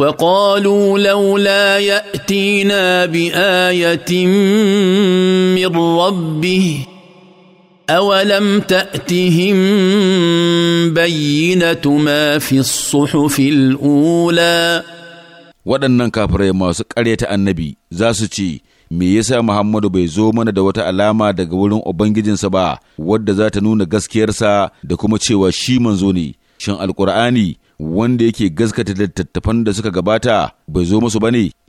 وقالوا لولا ياتينا بايه من ربه اولم تاتهم بينه ما في الصحف الاولى waɗannan kafirai masu ƙaryata annabi za su ce me yasa Muhammadu bai zo mana da wata alama daga wurin Ubangijinsa ba wadda za ta nuna gaskiyarsa da kuma cewa shi manzo ne shin alkur'ani wanda yake gaskata littattafan da suka gabata bai zo musu ba ne